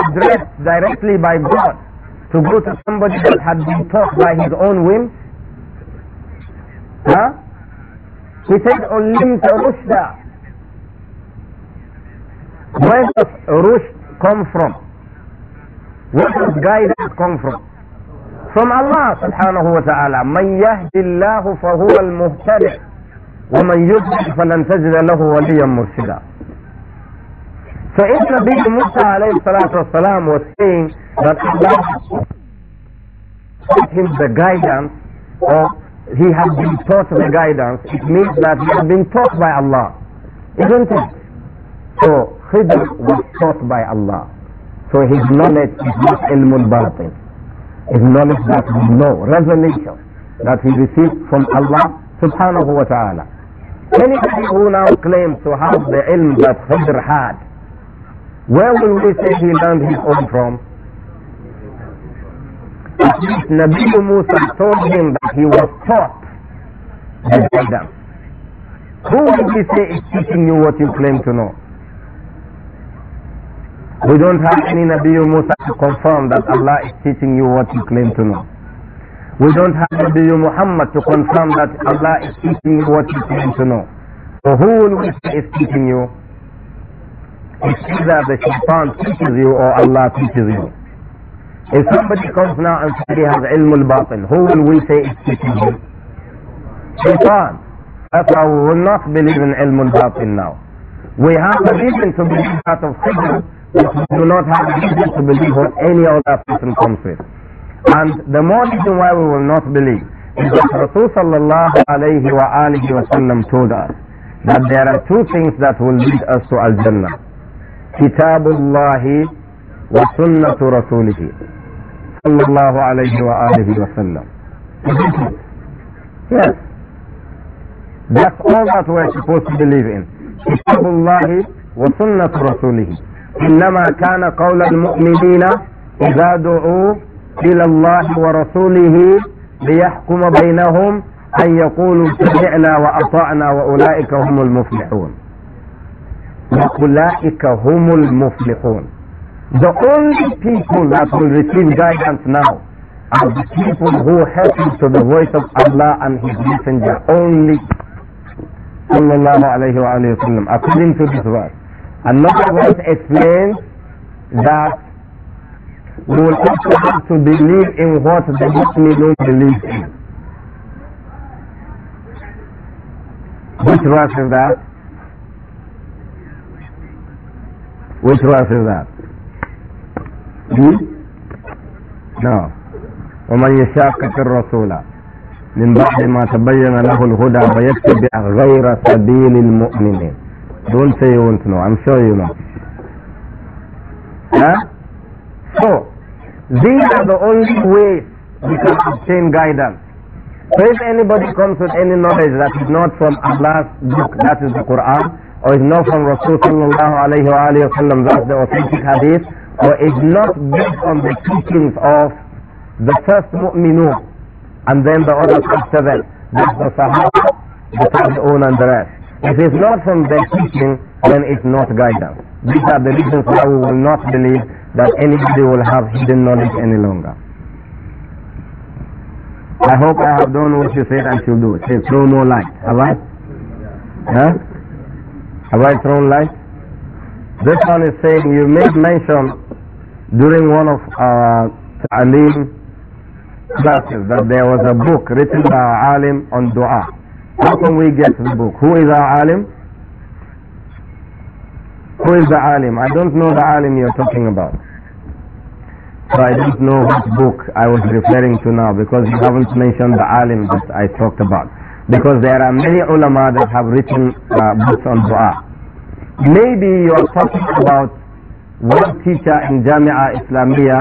addressed directly by God, to go to somebody that had been taught by his own whim? Huh? He said, أُلِّمْتَ رُشْدًا Where does rushd come from? Where does guidance come from? From Allah subhanahu wa ta'ala. مَنْ يَهْدِ اللَّهُ فَهُوَ الْمُهْتَدِعُ وَمَنْ يُضْلِلْ فَلَنْ تَجِدَ لَهُ وَلِيًّا مرشدا. So if Nabi Musa alayhi salatu wasalam was saying that Allah gave him the guidance of he has been taught the guidance, it means that he has been taught by Allah. Isn't it? So Khidr was taught by Allah. So his knowledge is not ilmul batin. His knowledge that we know, revelation that he received from Allah subhanahu wa ta'ala. Anybody who now claims to have the ilm that Khidr had, where will we say he learned his own from? Nabi Musa told him that he was taught by them. Who would you say is teaching you what you claim to know? We don't have any Nabi Musa to confirm that Allah is teaching you what you claim to know. We don't have Nabi Muhammad to confirm that Allah is teaching you what you claim to know. So who will we say is teaching you? It's either the shaitan teaches you or Allah teaches you. If somebody comes now and says he has ilm al-batin, who will we say is teaching him? Shaitan. That's why we will not believe in ilm al-batin now. We have a reason to believe that of Khidr, but we do not have a reason to believe what any other person comes with. And the more reason why we will not believe is that Rasul sallallahu alayhi wa alihi wa sallam told us that there are two things that will lead us to Al-Jannah. Kitabullahi wa sunnatu rasulihi. صلى الله عليه وآله وسلم Yes. That's all that we're supposed to believe in. كتاب الله وسنة رسوله. إنما كان قول المؤمنين إذا دعوا إلى الله ورسوله ليحكم بينهم أن يقولوا سمعنا وأطعنا وأولئك هم المفلحون. وأولئك هم المفلحون. The only people that will receive guidance now are the people who hearken to the voice of Allah and His Messenger only. Sallallahu alaihi wasallam. According to this verse. Another verse explains that we will also have to believe in what the Muslims don't believe in. Which verse is that? Which verse is that? نعم ومن يشاقق الرسول من بعد ما تبين له الهدى ويتبع غير سبيل المؤمنين don't say you won't know I'm sure you know huh? so these are the only ways we can obtain guidance so if anybody comes with any knowledge that is not from Allah's book that is the Quran or is not from Rasul sallallahu alayhi wa alayhi wa sallam that is the authentic hadith or is not based on the teachings of the first mu'minun and then the others after them, the Sahaba, the Tabi'un and the rest. If it's not from their teaching, then it's not guidance. These are the reasons why we will not believe that anybody will have hidden knowledge any longer. I hope I have done what you said I should do. Say, throw more light. Have I? Huh? Have I thrown light? This one is saying you made mention during one of our uh, ta'lim classes that there was a book written by our alim on dua. How can we get the book? Who is our alim? Who is the alim? I don't know the alim you're talking about. So I don't know what book I was referring to now because you haven't mentioned the alim that I talked about. Because there are many ulama that have written uh, books on dua. Maybe you are talking about one teacher in Jamia Islamia,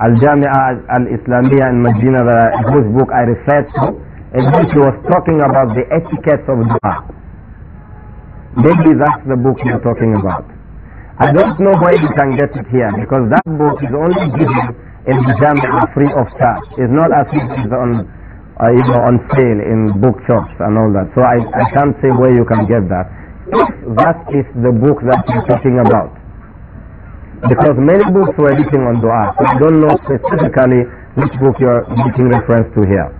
Al Jamia Al Islamia in Medina, whose book I referred to, in which he was talking about the etiquette of dua. Maybe that's the book you're talking about. I don't know where you can get it here because that book is only given in the Jamia free of charge. It's not as if it's on, uh, you know, on sale in bookshops and all that. So I, I can't say where you can get that. If that is the book that you're talking about, because many books were written on dua, so I don't know specifically which book you're making reference to here.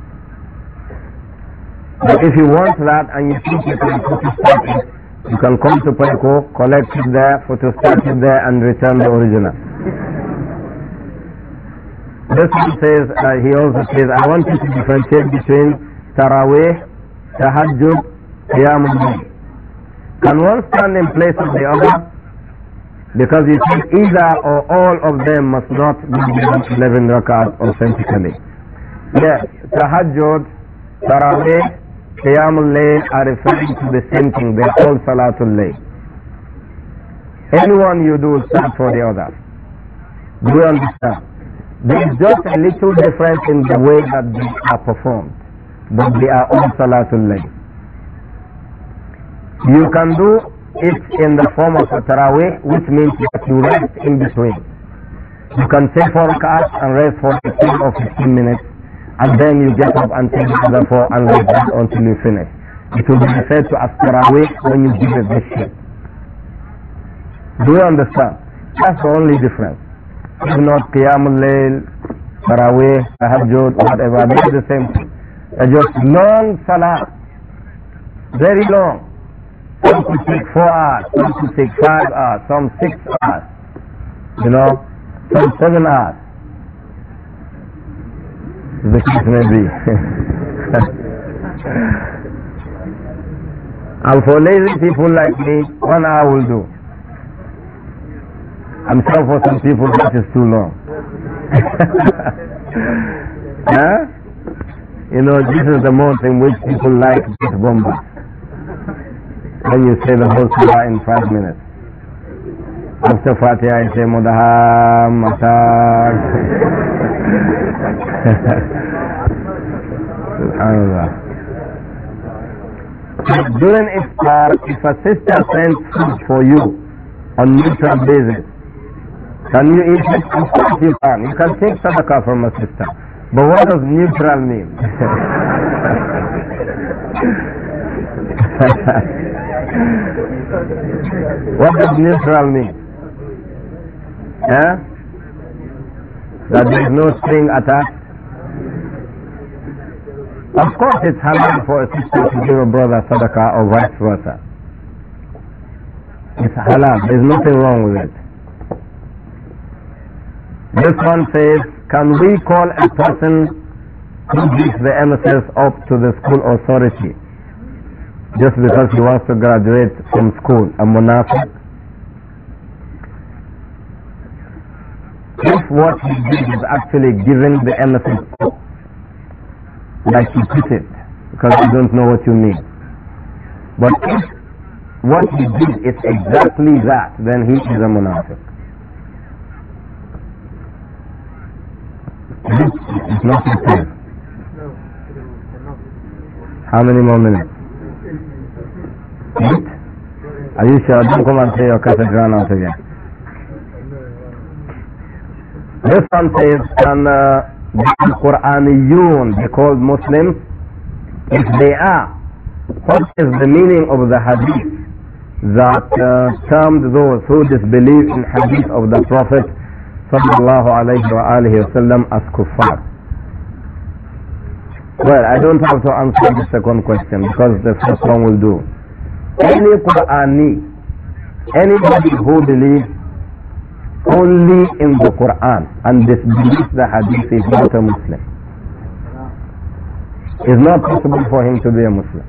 But if you want that and you think you can photostat it, you can come to Paiko, collect it there, photostat it there and return the original. This one says, uh, he also says, I want you to differentiate between Taraweeh, and Qiyamul Can one stand in place of the other? Because he said either or all of them must not be 11 rak'ahs authentically. Yes, tahajjud, tarawih, qiyamul layl are referring to the same thing. They are all salatul layl. Anyone you do stand for the other. Do you understand? There is just a little difference in the way that they are performed, but they are all salatul layl. You can do it's in the form of a taraweeh, which means that you rest in between. You can say for rak'at and rest for 15 or 15 minutes, and then you get up and take another four and rest that until you finish. It will be referred to as taraweeh when you give it this shape. Do you understand? That's the only difference. If not Qiyam al-Layl, Tarawih, Tahajjud, whatever, they are the same thing. They're just long salah, very long. Some could take four hours, some could take five hours, some six hours, you know, some seven hours. The case may be. and for lazy people like me, one hour will do. I'm sure for some people that is too long. huh? You know, this is the month in which people like this bombard. How you say the whole surah in five minutes? After Fatiha, I say Mudahammatan. Allah. During iftar, if a sister sends food for you on neutral basis, can you eat it? Of course you can. You can take sadaqah from a sister. But what does neutral mean? what does neutral mean? Yeah, That there is no string attached? Of course it's halal for a sister to give a brother sadaqah or vice versa. It's halal. There's nothing wrong with it. This one says, can we call a person who gives the MSS up to the school authority just because he wants to graduate from school, a monastic. If what he did is actually giving the MSN like he put it, because you don't know what you mean. But if what he did is exactly that, then he is a monastic. It's not the How many more minutes? Are you sure? Don't come and say your cousin ran out again. This one says, can uh, the Quraniyun they called Muslims? If they are, what is the meaning of the hadith that uh, termed those who disbelieve in hadith of the Prophet sallallahu alayhi wa alihi wasallam as kuffar? Well, I don't have to answer the second question because the first one will do any Qur'ani, anybody who believes only in the Quran and disbelieves the Hadith is not a Muslim. It's not possible for him to be a Muslim.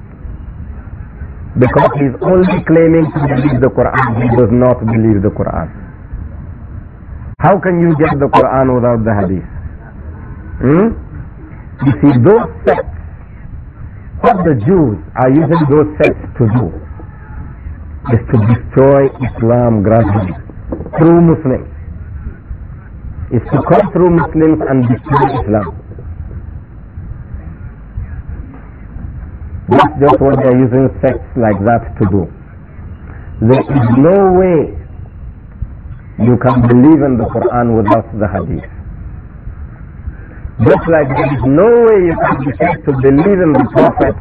Because he is only claiming to believe the Quran, he does not believe the Quran. How can you get the Quran without the Hadith? Hmm? You see, those sects, what the Jews are using those sects to do is to destroy Islam gradually through Muslims. Is to come through Muslims and destroy Islam. That's just what they're using sects like that to do. There is no way you can believe in the Quran without the Hadith. Just like there is no way you can be to believe in the Prophet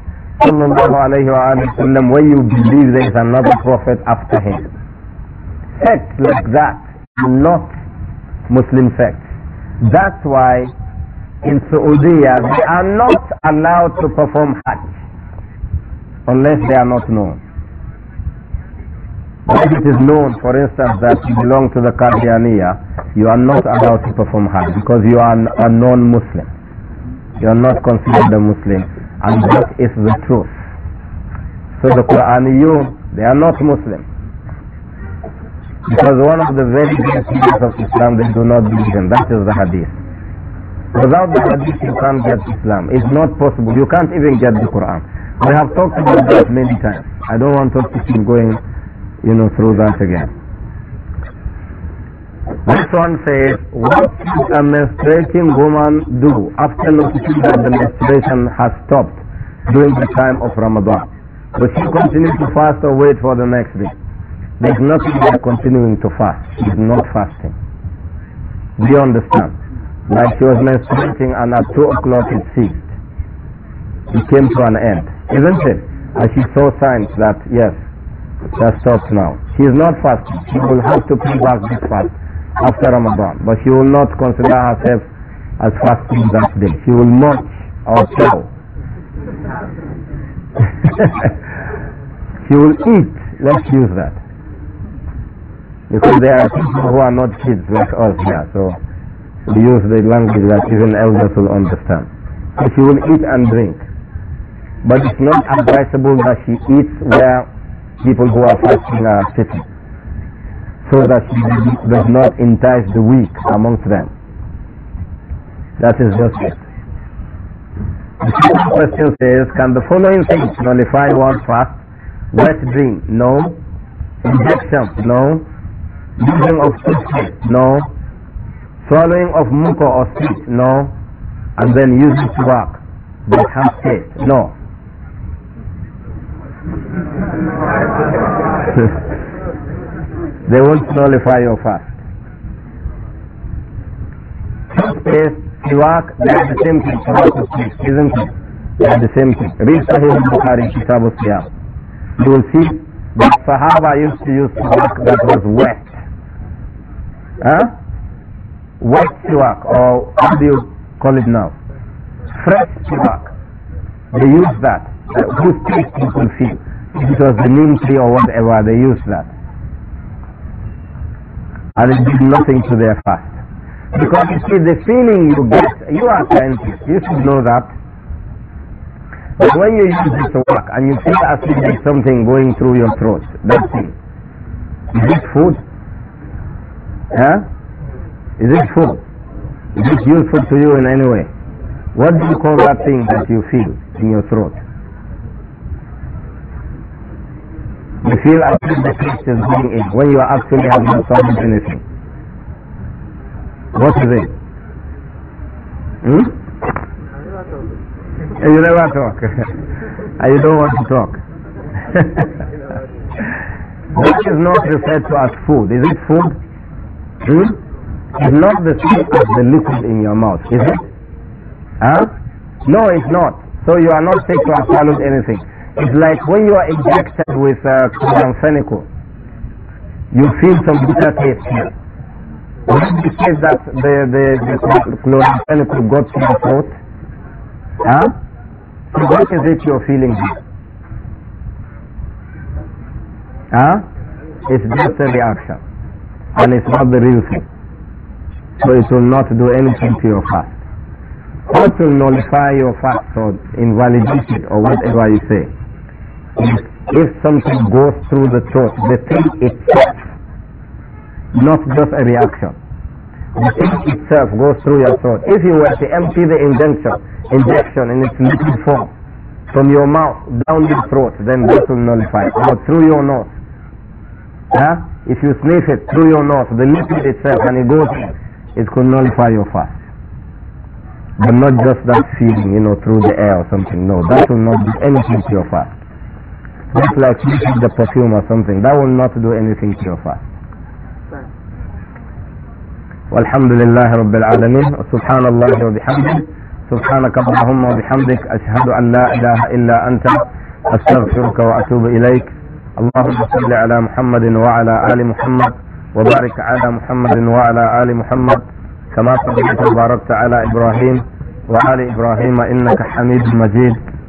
sallallahu alayhi wa sallam when you believe there is another prophet after him. Sects like that are not Muslim sects. That's why in Saudi they are not allowed to perform Hajj unless they are not known. If it is known, for instance, that you belong to the Qadianiyah, you are not allowed to perform Hajj because you are a non-Muslim. You are not considered a Muslim and that is the truth. So the Quraniyun, they are not Muslim. Because one of the very great things of Islam they do not believe in, that is the Hadith. Without the Hadith you can't get Islam. It's not possible. You can't even get the Quran. We have talked about that many times. I don't want us to keep going, you know, through that again. This one says, what should a menstruating woman do after noticing that the menstruation has stopped during the time of Ramadan? Will she continue to fast or wait for the next day? There's nothing like continuing to fast. She's not fasting. Do you understand? Like she was menstruating and at 2 o'clock it ceased. It came to an end, isn't it? And she saw signs that, yes, that stops now. She is not fasting. She will have to pay back this fast after Ramadan. But she will not consider herself as fasting that day. She will not or chow. she will eat. Let's use that. Because there are people who are not kids like us here, so we use the language that even elders will understand. So she will eat and drink. But it's not advisable that she eats where people who are fasting are sitting so that he does not entice the weak amongst them. That is just it. The second question says, can the following things nullify one fast? Wet dream? No. Injection? No. Using of toothpaste? No. Swallowing of mucus or spit? No. And then using tobacco that has taste? No. They won't nullify your fast. Toothpaste, siwak, the same thing, is not it? They are the same thing. Read Sahih bukhari Kitab al-Siyam. You will see that Sahaba used to use siwak that was wet. Huh? Wet siwak, or how do you call it now? Fresh siwak. They used that. Uh, whose taste you can feel. It was the neem tree or whatever, they used that and it did nothing to their fast. Because you see, the feeling you get, you are sensitive. you should know that. But when you use this work and you feel as if there's something going through your throat, that's it. Is it food? Huh? Is it food? Is it useful to you in any way? What do you call that thing that you feel in your throat? You feel as if the priest is when you actually have not done anything. What is it? Hmm? You never talk. you don't want to talk. is not referred to as food. Is it food? Hmm? It's not the same as the liquid in your mouth, is it? Huh? No, it's not. So you are not said to have swallowed anything. It's like when you are injected with uh, you feel some bitter taste here. When that the, the, the got to your throat, huh? so what is it you're feeling here? Huh? It's just a reaction, and it's not the real thing. So it will not do anything to your fast. What will nullify your fast or invalidate it or whatever you say? if something goes through the throat, the thing itself, not just a reaction, the thing itself goes through your throat. If you were to empty the injection, injection in its liquid form from your mouth down your throat, then that will nullify it. Or through your nose. Huh? If you sniff it through your nose, the liquid itself, and it goes in, it could nullify your fast. But not just that feeling, you know, through the air or something. No, that will not do anything to your fast. Just like using the perfume or something. That will not do anything to your fast. والحمد لله رب العالمين وسبحان الله وبحمده سبحانك اللهم وبحمدك أشهد أن لا إله إلا أنت أستغفرك وأتوب إليك اللهم صل على محمد وعلى آل محمد وبارك على محمد وعلى آل محمد كما صليت وباركت على إبراهيم وآل إبراهيم إنك حميد مجيد